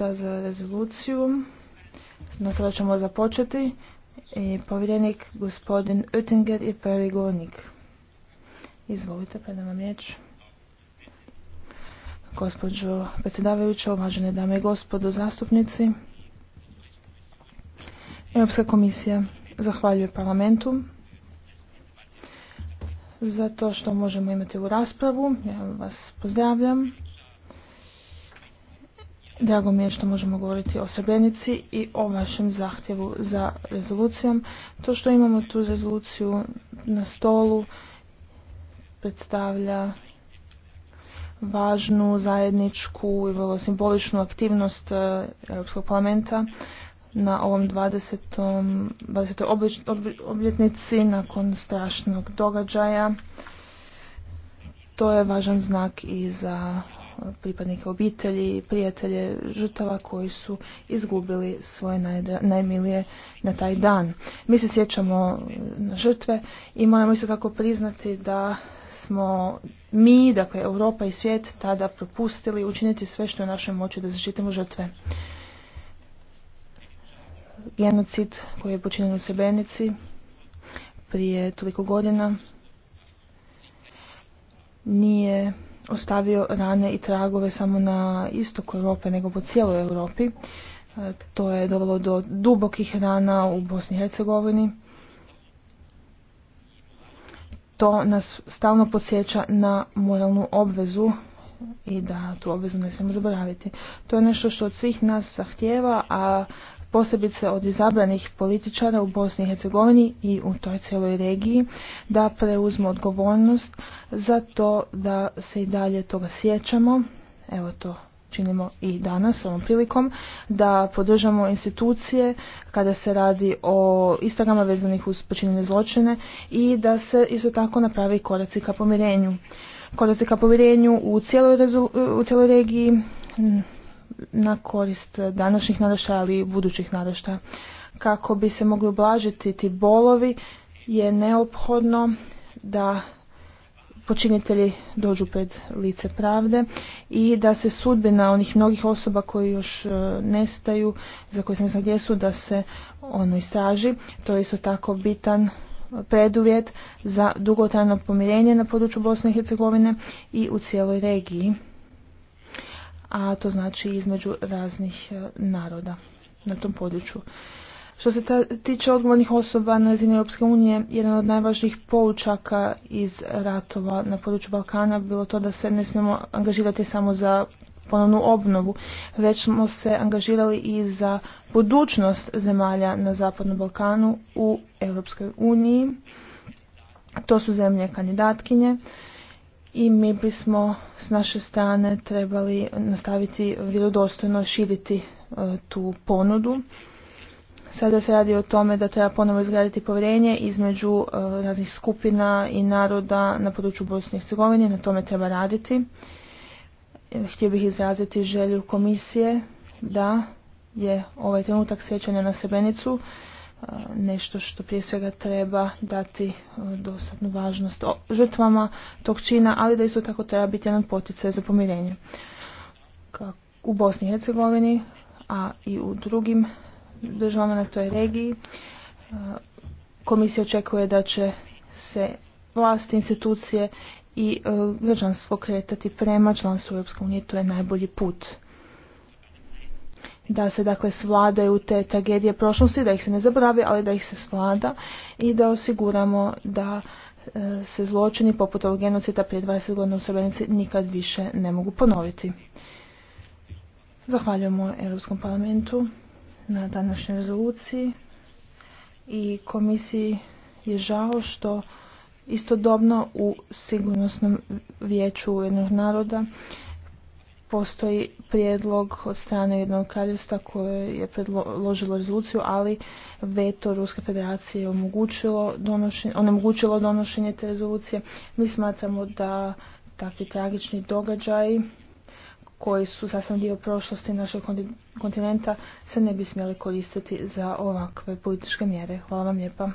za rezoluciju. No sada ćemo započeti. I povjerenik gospodin Oettinger i prvi govornik. Izvolite, predam vam riječ. Gospođo predsjedavajuća, uvažene dame i gospodo zastupnici, Europska komisija zahvaljuje parlamentu za to što možemo imati u raspravu. Ja vas pozdravljam Drago mi je što možemo govoriti o Srebrenici i o vašem zahtjevu za rezolucijom. To što imamo tu rezoluciju na stolu predstavlja važnu zajedničku i vrlo simboličnu aktivnost e, Europskog parlamenta na ovom 20. obljetnici nakon strašnog događaja. To je važan znak i za pripadnike obitelji, prijatelje, žrtava koji su izgubili svoje najmilije na taj dan. Mi se sjećamo e, na žrtve i moramo isto tako priznati da smo mi, dakle Europa i svijet, tada propustili učiniti sve što je u našoj moći da zaštitimo žrtve. Genocid koji je počinjen u Srebrenici prije toliko godina nije ostavio rane i tragove samo na istoku Europe nego po cijeloj Europi. E, to je dovelo do dubokih rana u Bosni i Hercegovini. To nas stalno podsjeća na moralnu obvezu i da tu obvezu ne smijemo zaboraviti. To je nešto što od svih nas zahtjeva, a posebice od izabranih političara u Bosni i Hercegovini i u toj cijeloj regiji da preuzmu odgovornost za to da se i dalje toga sjećamo. Evo to činimo i danas ovom prilikom da podržamo institucije kada se radi o istagama vezanih uz počinjene zločine i da se isto tako napravi koraci ka pomirenju. Koraci ka pomirenju u u cijeloj regiji na korist današnjih naraštaja, ali i budućih naraštaja. Kako bi se mogli oblažiti ti bolovi je neophodno da počinitelji dođu pred lice pravde i da se sudbina onih mnogih osoba koji još e, nestaju, za koje se ne zna gdje su, da se ono istraži. To je isto tako bitan preduvjet za dugotrajno pomirenje na području Bosne i Hercegovine i u cijeloj regiji a to znači između raznih e, naroda na tom području. Što se tiče odgovornih osoba na razini Europske unije, jedan od najvažnijih poučaka iz ratova na području Balkana bilo to da se ne smijemo angažirati samo za ponovnu obnovu, već smo se angažirali i za budućnost zemalja na Zapadnom Balkanu u Europskoj uniji. To su zemlje kandidatkinje i mi bismo s naše strane trebali nastaviti vjerodostojno širiti e, tu ponudu. Sada se radi o tome da treba ponovo izgraditi povjerenje između e, raznih skupina i naroda na području Bosne i Hercegovine, na tome treba raditi. E, htio bih izraziti želju komisije da je ovaj trenutak sjećanja na Srebrenicu E, nešto što prije svega treba dati e, dosadnu važnost žrtvama tog čina, ali da isto tako treba biti jedan poticaj za pomirenje. U Bosni i Hercegovini, a i u drugim državama na toj regiji, e, komisija očekuje da će se vlasti, institucije i građanstvo kretati prema članstvu Europske unije. To je najbolji put da se dakle svladaju te tragedije prošlosti, da ih se ne zaboravi, ali da ih se svlada i da osiguramo da e, se zločini poput ovog genocida prije 20 godina u Srebrenici nikad više ne mogu ponoviti. Zahvaljujemo Europskom parlamentu na današnjoj rezoluciji i komisiji je žao što istodobno u sigurnosnom vijeću jednog naroda postoji prijedlog od strane jednog kraljevstva koje je predložilo rezoluciju, ali veto Ruske federacije je omogućilo donošenje, onemogućilo donošenje te rezolucije. Mi smatramo da takvi tragični događaji koji su sasvim dio prošlosti našeg kontinenta se ne bi smjeli koristiti za ovakve političke mjere. Hvala vam lijepa.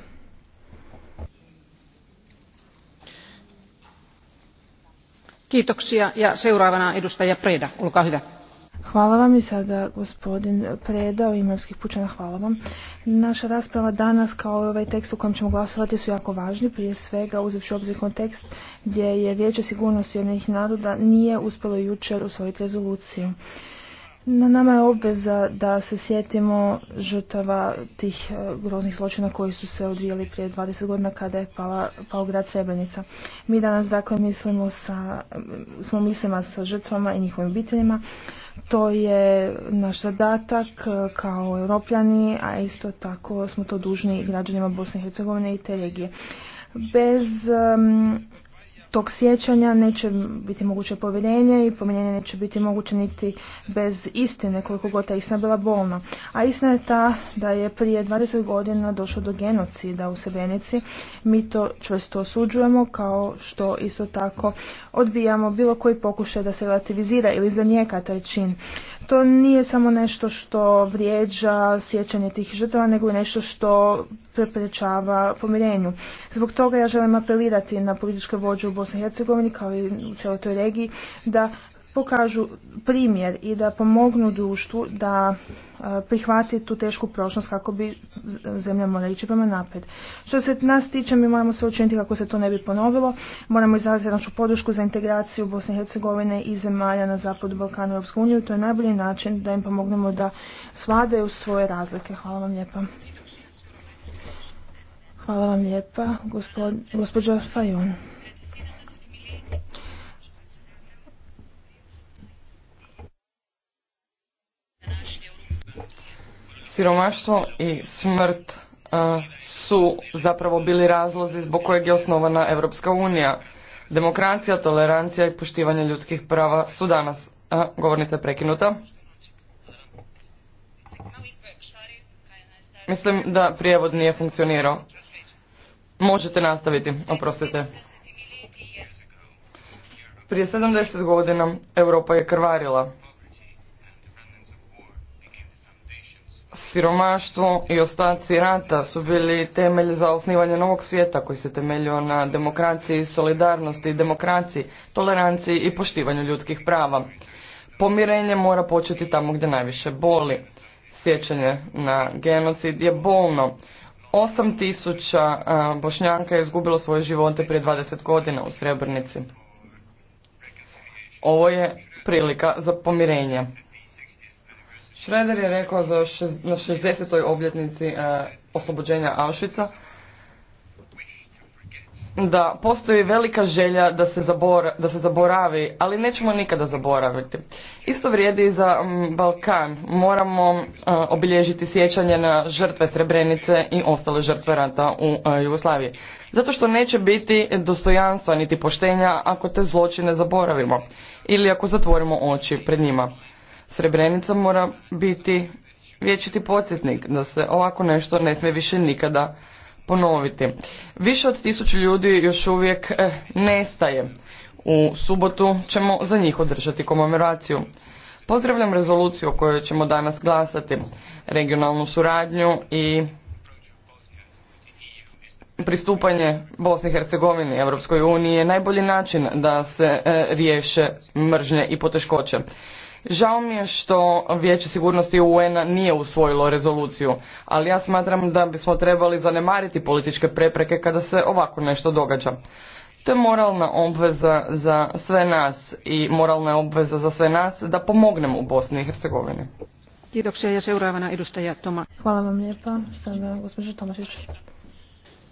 Hvala vam i sada gospodin Preda u Imorskih pučana, hvala vam. Naša rasprava danas kao i ovaj tekst u kojem ćemo glasovati su jako važni, prije svega uzevši obzir kontekst gdje je Vijeće sigurnosti jednih naroda nije uspjelo jučer usvojiti rezoluciju. Na nama je obveza da se sjetimo žrtava tih e, groznih zločina koji su se odvijali prije 20 godina kada je pao grad Srebrenica. Mi danas dakle mislimo sa, e, smo mislima sa žrtvama i njihovim obiteljima. To je naš zadatak e, kao europljani, a isto tako smo to dužni građanima Bosne i Hercegovine i te regije. Bez tog sjećanja neće biti moguće povjerenje i povjerenje neće biti moguće niti bez istine koliko god ta istina bila bolna. A istina je ta da je prije 20 godina došlo do genocida u Srebrenici. Mi to čvrsto osuđujemo kao što isto tako odbijamo bilo koji pokušaj da se relativizira ili zanijeka taj čin. To nije samo nešto što vrijeđa sjećanje tih žrtava, nego i nešto što preprečava pomirenju. Zbog toga ja želim apelirati na političke vođe u Bosni i Hercegovini kao i u cijeloj toj regiji da pokažu primjer i da pomognu društvu da e, prihvati tu tešku prošlost kako bi zemlja mora ići prema naprijed. Što se nas tiče, mi moramo sve učiniti kako se to ne bi ponovilo. Moramo izraziti našu podršku za integraciju Bosne i Hercegovine i zemalja na zapadu Balkana i Europsku uniju. To je najbolji način da im pomognemo da u svoje razlike. Hvala vam lijepa. Hvala vam lijepa, gospođa Fajon. siromaštvo i smrt e, su zapravo bili razlozi zbog kojeg je osnovana Europska unija. Demokracija, tolerancija i poštivanje ljudskih prava su danas. E, govornica prekinuta. Mislim da prijevod nije funkcionirao. Možete nastaviti, oprostite. Prije 70 godina Europa je krvarila. siromaštvo i ostaci rata su bili temelj za osnivanje novog svijeta koji se temeljio na demokraciji, solidarnosti, demokraciji, toleranciji i poštivanju ljudskih prava. Pomirenje mora početi tamo gdje najviše boli. Sjećanje na genocid je bolno. 8000 bošnjanka je izgubilo svoje živote prije 20 godina u Srebrnici. Ovo je prilika za pomirenje. Šreder je rekao za na 60. obljetnici e, oslobođenja Auschwitza da postoji velika želja da se, da se zaboravi, ali nećemo nikada zaboraviti. Isto vrijedi i za Balkan. Moramo e, obilježiti sjećanje na žrtve Srebrenice i ostale žrtve rata u e, Jugoslaviji. Zato što neće biti dostojanstva niti poštenja ako te zločine zaboravimo ili ako zatvorimo oči pred njima. Srebrenica mora biti vječiti podsjetnik da se ovako nešto ne smije više nikada ponoviti. Više od tisuću ljudi još uvijek eh, nestaje. U subotu ćemo za njih održati komemoraciju. Pozdravljam rezoluciju o kojoj ćemo danas glasati, regionalnu suradnju i pristupanje Bosne i Hercegovine Europskoj uniji je najbolji način da se eh, riješe mržnje i poteškoće. Žao mi je što Vijeće sigurnosti UN-a nije usvojilo rezoluciju, ali ja smatram da bismo trebali zanemariti političke prepreke kada se ovako nešto događa. To je moralna obveza za sve nas i moralna je obveza za sve nas da pomognemo u Bosni i Hercegovini. Hvala vam lijepa.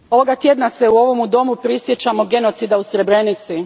Ovoga tjedna se u ovom domu prisjećamo genocida u Srebrenici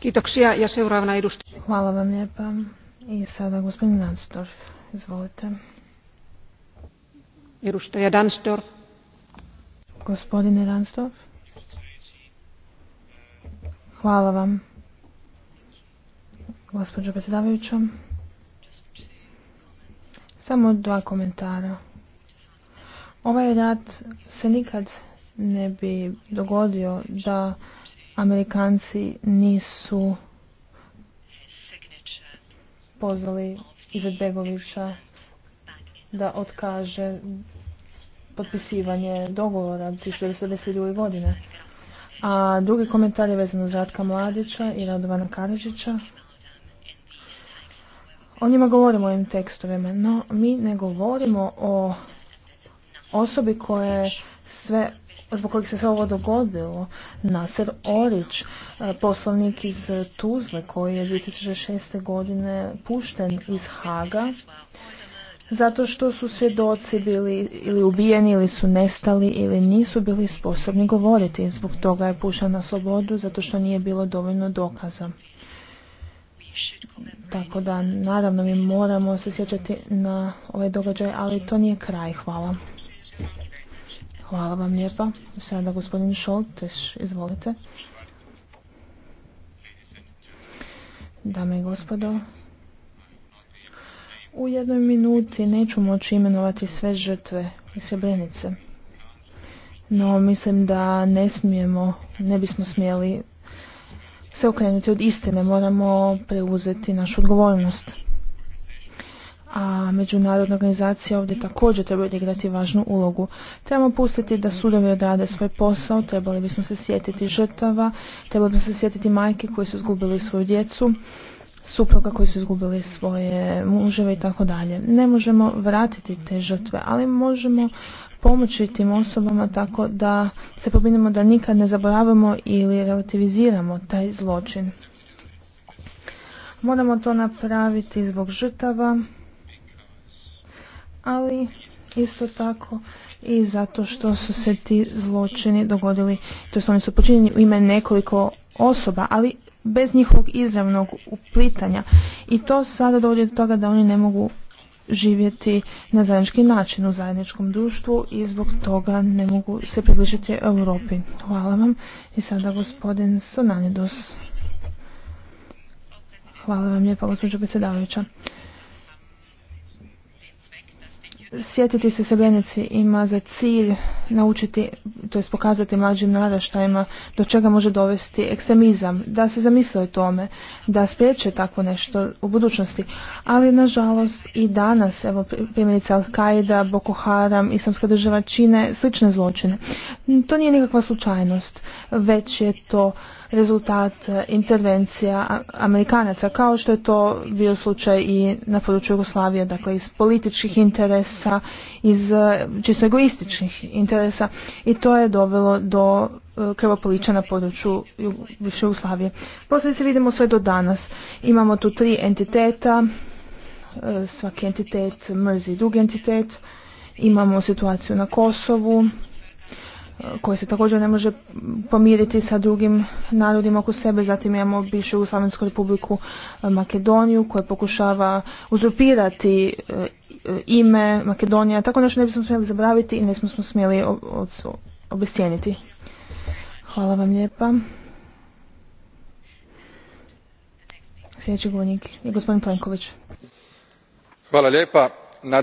Kitoksia ja seuraavana edustaja. Hvala vam lijepa. I sada gospodin Danstorf. Izvolite. Edustaja Dansdorf. Gospodine Dansdorf. Hvala vam. Gospođo predsjedavajuća. Samo dva komentara. Ovaj rat se nikad ne bi dogodio da Amerikanci nisu pozvali Izetbegovića da otkaže potpisivanje dogovora 1992. godine. A drugi komentar je vezan uz Ratka Mladića i Radovana Karadžića. O njima govorimo ovim tekstovima, no mi ne govorimo o osobi koja je sve zbog kojeg se sve ovo dogodilo. Nasir Orić, e, poslovnik iz e, Tuzle koji je 2006. godine pušten iz Haga zato što su svjedoci bili ili ubijeni ili su nestali ili nisu bili sposobni govoriti. Zbog toga je pušan na slobodu zato što nije bilo dovoljno dokaza. Tako da, naravno, mi moramo se sjećati na ovaj događaj, ali to nije kraj. Hvala. Hvala vam lijepa. Sada gospodin Šolteš, izvolite. Dame i gospodo, u jednoj minuti neću moći imenovati sve žrtve iz Srebrenice. No, mislim da ne smijemo, ne bismo smjeli se okrenuti od istine. Moramo preuzeti našu odgovornost a međunarodne organizacije ovdje također trebaju odigrati važnu ulogu. Trebamo pustiti da sudovi odrade svoj posao, trebali bismo se sjetiti žrtava, trebali bismo se sjetiti majke koje su izgubili svoju djecu, supruga koji su izgubili svoje muževe i tako dalje. Ne možemo vratiti te žrtve, ali možemo pomoći tim osobama tako da se pobinimo da nikad ne zaboravimo ili relativiziramo taj zločin. Moramo to napraviti zbog žrtava, ali isto tako i zato što su se ti zločini dogodili, to oni su počinjeni u ime nekoliko osoba, ali bez njihovog izravnog uplitanja. I to sada dovodi do toga da oni ne mogu živjeti na zajednički način u zajedničkom društvu i zbog toga ne mogu se približiti Europi. Hvala vam. I sada gospodin Sonanidos. Hvala vam lijepa gospođo predsjedavajuća. Sjetiti se Srebrenici ima za cilj naučiti, to jest pokazati mlađim naraštajima do čega može dovesti ekstremizam, da se zamisle o tome, da spriječe takvo nešto u budućnosti. Ali nažalost i danas, evo primjerice Al-Qaida, Boko Haram, Islamska država čine slične zločine. To nije nikakva slučajnost, već je to rezultat e, intervencija Amerikanaca, kao što je to bio slučaj i na području Jugoslavije, dakle iz političkih interesa, iz e, čisto egoističnih interesa i to je dovelo do e, krvopoliča na području više Jugoslavije. Posljedice vidimo sve do danas. Imamo tu tri entiteta, svaki entitet mrzi drugi entitet, imamo situaciju na Kosovu, koje se također ne može pomiriti sa drugim narodima oko sebe. Zatim imamo bivšu Slavensku republiku e, Makedoniju koja pokušava uzurpirati e, e, ime Makedonija. Tako nešto ne bismo smjeli zabraviti i ne smo smjeli obescijeniti. Hvala vam lijepa. Sljedeći govornik je gospodin Plenković. Hvala lijepa na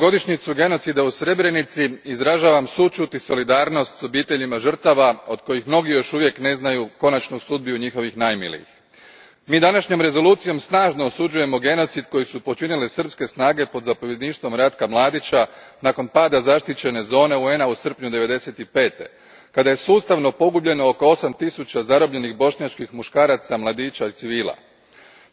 godišnjicu genocida u srebrenici izražavam sućut i solidarnost s obiteljima žrtava od kojih mnogi još uvijek ne znaju konačnu sudbinu njihovih najmilijih. mi današnjom rezolucijom snažno osuđujemo genocid koji su počinile srpske snage pod zapovjedništvom ratka mladića nakon pada zaštićene zone un a u srpnju ninety five kada je sustavno pogubljeno oko osam tisuća zarobljenih bošnjačkih muškaraca mladića i civila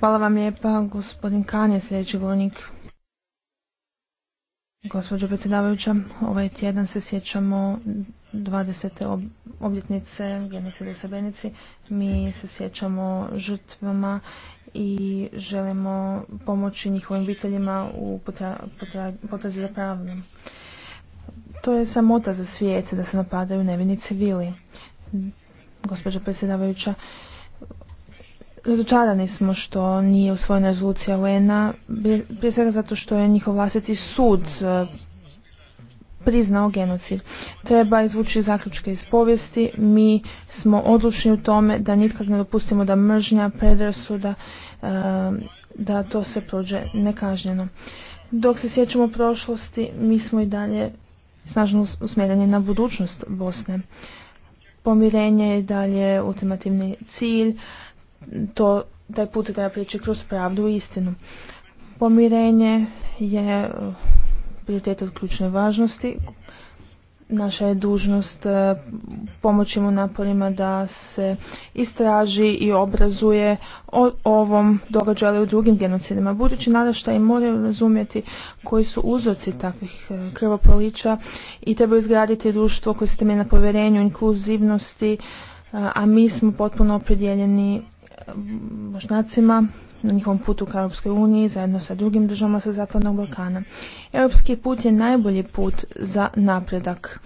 Hvala vam lijepa, gospodin Kahn je sljedeći govornik. Gospođo predsjedavajuća, ovaj tjedan se sjećamo 20. obljetnice genocida u Srebrenici. Mi se sjećamo žrtvama i želimo pomoći njihovim obiteljima u potrazi za To je samota za svijet da se napadaju nevini civili. Gospođo predsjedavajuća, Razočarani smo što nije usvojena rezolucija UN-a, prije svega zato što je njihov vlastiti sud e, priznao genocid. Treba izvući zaključke iz povijesti. Mi smo odlučni u tome da nikad ne dopustimo da mržnja, predrasuda, e, da to sve prođe nekažnjeno. Dok se sjećamo prošlosti, mi smo i dalje snažno usmjereni na budućnost Bosne. Pomirenje je dalje ultimativni cilj to, taj put treba prijeći kroz pravdu i istinu. Pomirenje je eh, prioritet od ključne važnosti. Naša je dužnost eh, pomoći mu naporima da se istraži i obrazuje o ovom događaju u drugim genocidima. Budući i moraju razumjeti koji su uzroci takvih eh, krvopolića i treba izgraditi društvo koje se temelji na povjerenju, inkluzivnosti, a mi smo potpuno opredjeljeni bošnjacima na njihovom putu ka Europskoj uniji zajedno sa drugim državama sa Zapadnog Balkana. Europski put je najbolji put za napredak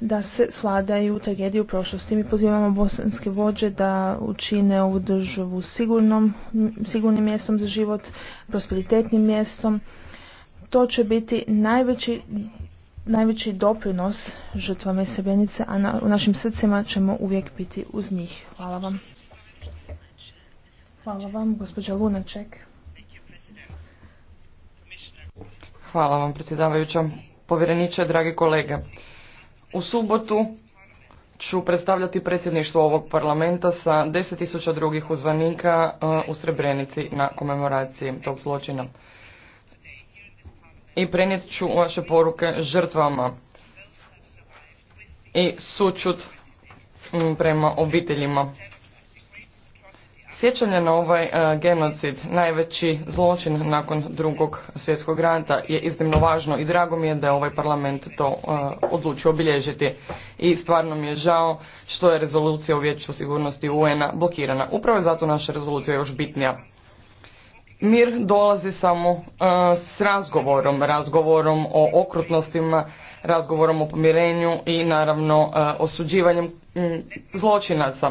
da se sladaju u prošlosti. Mi pozivamo bosanske vođe da učine ovu državu sigurnom, sigurnim mjestom za život, prosperitetnim mjestom. To će biti najveći najveći doprinos žrtvama sebenice, a na, u našim srcima ćemo uvijek biti uz njih. Hvala vam. Hvala vam, gospođa Lunaček. Hvala vam, predsjedavajuća. Povjereniče, dragi kolege. U subotu ću predstavljati predsjedništvo ovog parlamenta sa 10.000 drugih uzvanika eh, u Srebrenici na komemoraciji tog zločina. I prenijet ću vaše poruke žrtvama i sučut mm, prema obiteljima Sjećanje na ovaj e, genocid, najveći zločin nakon drugog svjetskog rata je iznimno važno i drago mi je da je ovaj parlament to e, odlučio obilježiti. I stvarno mi je žao što je rezolucija u vijeću sigurnosti UN-a blokirana. Upravo je zato naša rezolucija još bitnija. Mir dolazi samo e, s razgovorom, razgovorom o okrutnostima, razgovorom o pomirenju i naravno osuđivanjem mm, zločinaca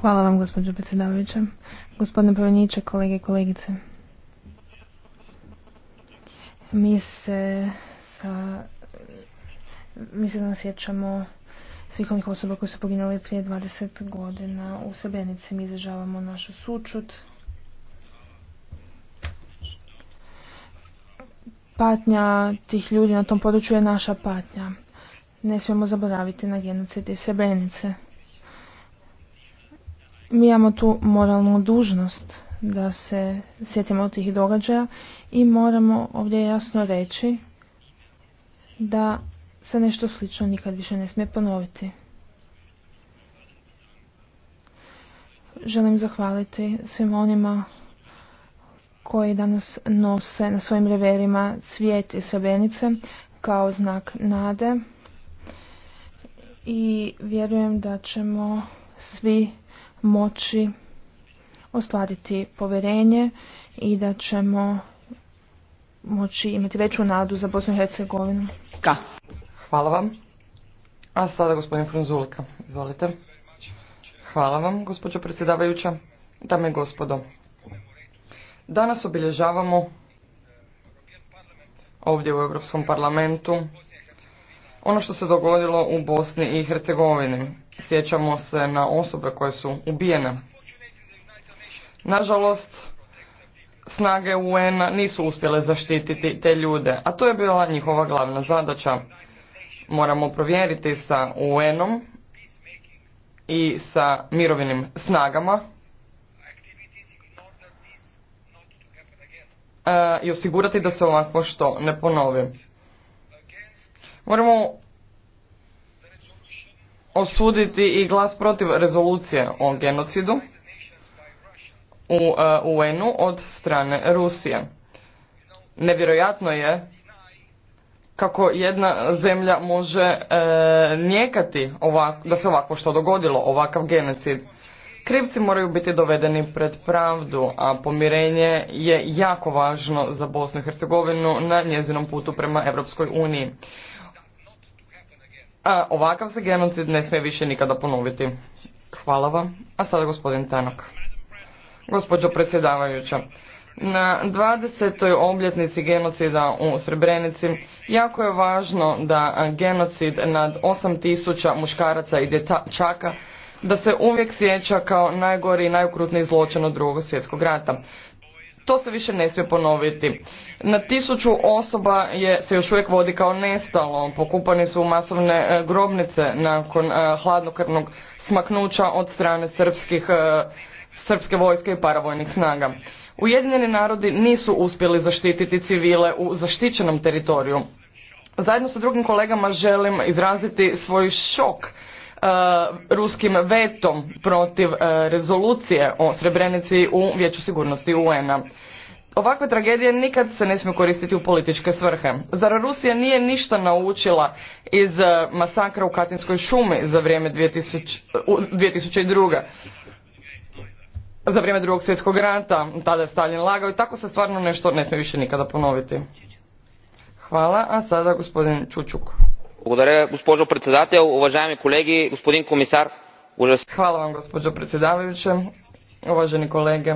Hvala vam, gospođo predsjedavajuća. Gospodine Prveniće, kolege i kolegice. Mi se sa... Mi se danas sjećamo svih onih osoba koji su poginuli prije 20 godina u Srebrenici. Mi izražavamo našu sučut. Patnja tih ljudi na tom području je naša patnja. Ne smijemo zaboraviti na genocid iz Srebrenice. Mi imamo tu moralnu dužnost da se sjetimo tih događaja i moramo ovdje jasno reći da se nešto slično nikad više ne smije ponoviti. Želim zahvaliti svim onima koji danas nose na svojim reverima cvijet i srebenice kao znak nade i vjerujem da ćemo svi moći ostvariti povjerenje i da ćemo moći imati veću nadu za Bosnu i Hercegovinu. Ka. Hvala vam. A sada gospodin Frunzulika, izvolite. Hvala vam, gospođo predsjedavajuća, dame i gospodo. Danas obilježavamo ovdje u Europskom parlamentu ono što se dogodilo u Bosni i Hercegovini sjećamo se na osobe koje su ubijene. Nažalost, snage un nisu uspjele zaštititi te ljude, a to je bila njihova glavna zadaća. Moramo provjeriti sa UN-om i sa mirovinim snagama e, i osigurati da se ovako što ne ponovi. Moramo osuditi i glas protiv rezolucije o genocidu u e, UN-u od strane Rusije. Nevjerojatno je kako jedna zemlja može e, da se ovako što dogodilo, ovakav genocid. Krivci moraju biti dovedeni pred pravdu, a pomirenje je jako važno za Bosnu i Hercegovinu na njezinom putu prema Europskoj uniji ovakav se genocid ne smije više nikada ponoviti. Hvala vam. A sada gospodin Tanok. Gospođo predsjedavajuća, na 20. obljetnici genocida u Srebrenici jako je važno da genocid nad 8000 muškaraca i dječaka da se uvijek sjeća kao najgori i najukrutniji zločin od drugog svjetskog rata. To se više ne smije ponoviti. Na tisuću osoba je, se još uvijek vodi kao nestalo. Pokupani su u masovne e, grobnice nakon e, hladnokrvnog smaknuća od strane srpskih, e, srpske vojske i paravojnih snaga. Ujedinjeni narodi nisu uspjeli zaštititi civile u zaštićenom teritoriju. Zajedno sa drugim kolegama želim izraziti svoj šok E, ruskim vetom protiv e, rezolucije o Srebrenici u Vijeću sigurnosti UN-a. Ovakve tragedije nikad se ne smiju koristiti u političke svrhe. Zar Rusija nije ništa naučila iz e, masakra u Katinskoj šumi za vrijeme 2000, 2002. Za vrijeme drugog svjetskog rata, tada je Stalin lagao i tako se stvarno nešto ne smije više nikada ponoviti. Hvala, a sada gospodin Čučuk gospođo predsjedatel, uvaženi kolege gospodine komisar hvala vam gospođo predsjedavajuća uvaženi kolege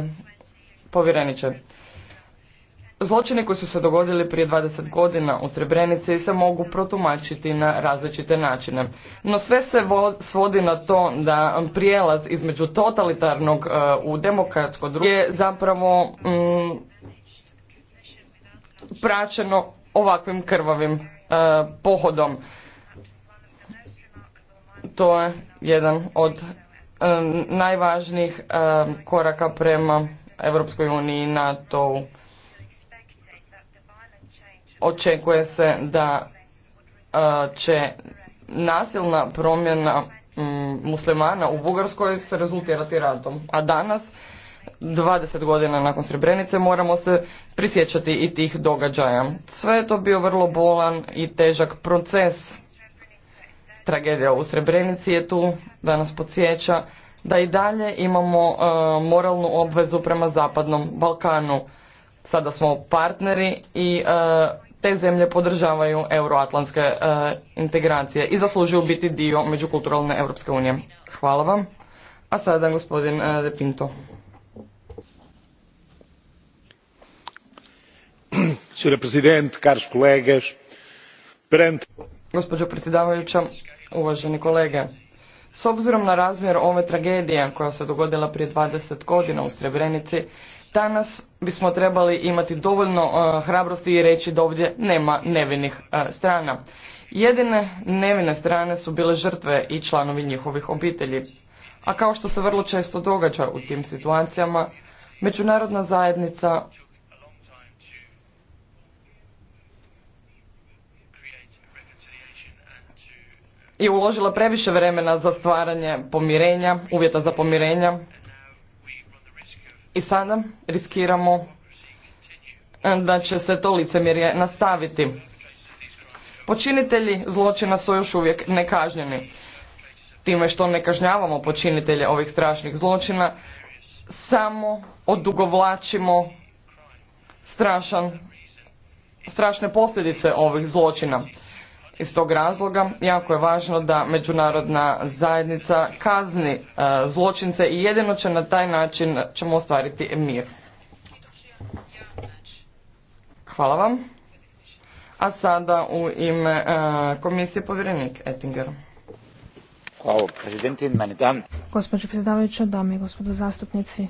povjereniče zločini koji su se dogodili prije 20 godina u Srebrenici se mogu protumačiti na različite načine. No sve se svodi na to da prijelaz između totalitarnog u demokratsko drugo je zapravo praćeno ovakvim krvavim E, pohodom. To je jedan od e, najvažnijih e, koraka prema Europskoj uniji i NATO-u. Očekuje se da će nasilna promjena muslimana u Bugarskoj se rezultirati ratom. A danas 20 godina nakon Srebrenice moramo se prisjećati i tih događaja. Sve je to bio vrlo bolan i težak proces. Tragedija u Srebrenici je tu, da nas podsjeća da i dalje imamo e, moralnu obvezu prema Zapadnom Balkanu. Sada smo partneri i e, te zemlje podržavaju euroatlantske e, integracije i zaslužuju biti dio međukulturalne Europske unije. Hvala vam. A sada gospodin Repinto. gospođo predsjedavajuća uvaženi kolege s obzirom na razmjer ove tragedije koja se dogodila prije dvadeset godina u srebrenici danas bismo trebali imati dovoljno e, hrabrosti i reći da ovdje nema nevinih e, strana jedine nevine strane su bile žrtve i članovi njihovih obitelji a kao što se vrlo često događa u tim situacijama međunarodna zajednica je uložila previše vremena za stvaranje pomirenja, uvjeta za pomirenja i sada riskiramo e, da će se to licemjerje nastaviti. Počinitelji zločina su još uvijek nekažnjeni. Time što ne kažnjavamo počinitelje ovih strašnih zločina, samo odugovlačimo strašan, strašne posljedice ovih zločina. Iz tog razloga jako je važno da međunarodna zajednica kazni e, zločince i jedino će na taj način ćemo ostvariti mir. Hvala vam. A sada u ime e, komisije povjerenik Ettinger. Hvala, Gospođo predsjedavajuća, dame i gospodo zastupnici,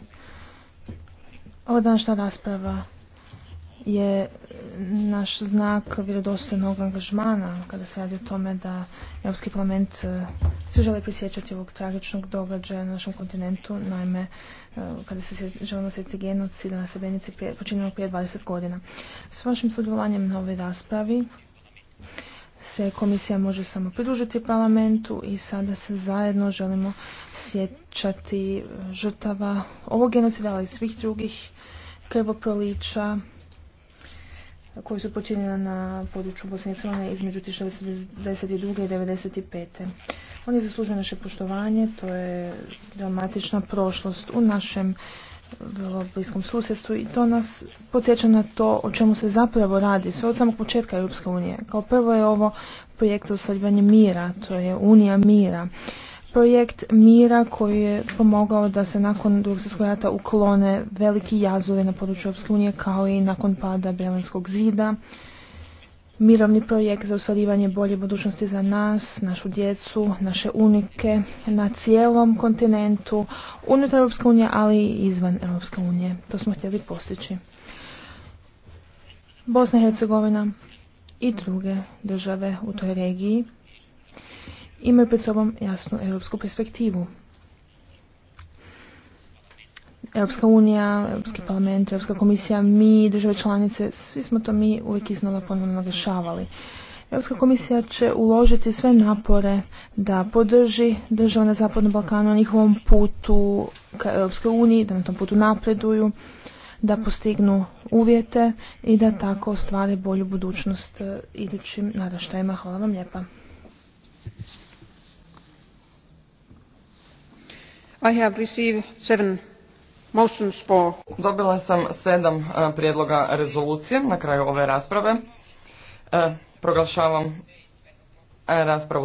ova današnja rasprava je naš znak vjerodostojnog angažmana kada se radi o tome da Europski parlament e, se žele prisjećati ovog tragičnog događaja na našem kontinentu, naime e, kada se želimo sjetiti genocida na Srebrenici počinjeno prije 20 godina. S vašim sudjelovanjem na ovoj raspravi se komisija može samo pridružiti parlamentu i sada se zajedno želimo sjećati e, žrtava ovog genocida, ali i svih drugih krvoprolića koji su počinjena na području Bosne i Hercegovine između 1992. i 1995. Oni zaslužuju naše poštovanje, to je dramatična prošlost u našem eh, bliskom susjedstvu i to nas podsjeća na to o čemu se zapravo radi sve od samog početka Europske unije. Kao prvo je ovo projekt za mira, to je Unija mira projekt mira koji je pomogao da se nakon drugog svjetskog rata uklone veliki jazovi na području Europske unije kao i nakon pada Berlinskog zida. Mirovni projekt za ostvarivanje bolje budućnosti za nas, našu djecu, naše unike na cijelom kontinentu, unutar Europske unije, ali i izvan Europske unije. To smo htjeli postići. Bosna i Hercegovina i druge države u toj regiji imaju pred sobom jasnu europsku perspektivu. Europska unija, Europski parlament, Europska komisija, mi, države članice, svi smo to mi uvijek iznova ponovno naglašavali. Europska komisija će uložiti sve napore da podrži države na Zapadnom Balkanu na njihovom putu ka Europskoj uniji, da na tom putu napreduju, da postignu uvjete i da tako ostvare bolju budućnost e, idućim naraštajima. Hvala vam lijepa. Dobila sam sedam e, prijedloga rezolucije na kraju ove rasprave. E, proglašavam e, raspravu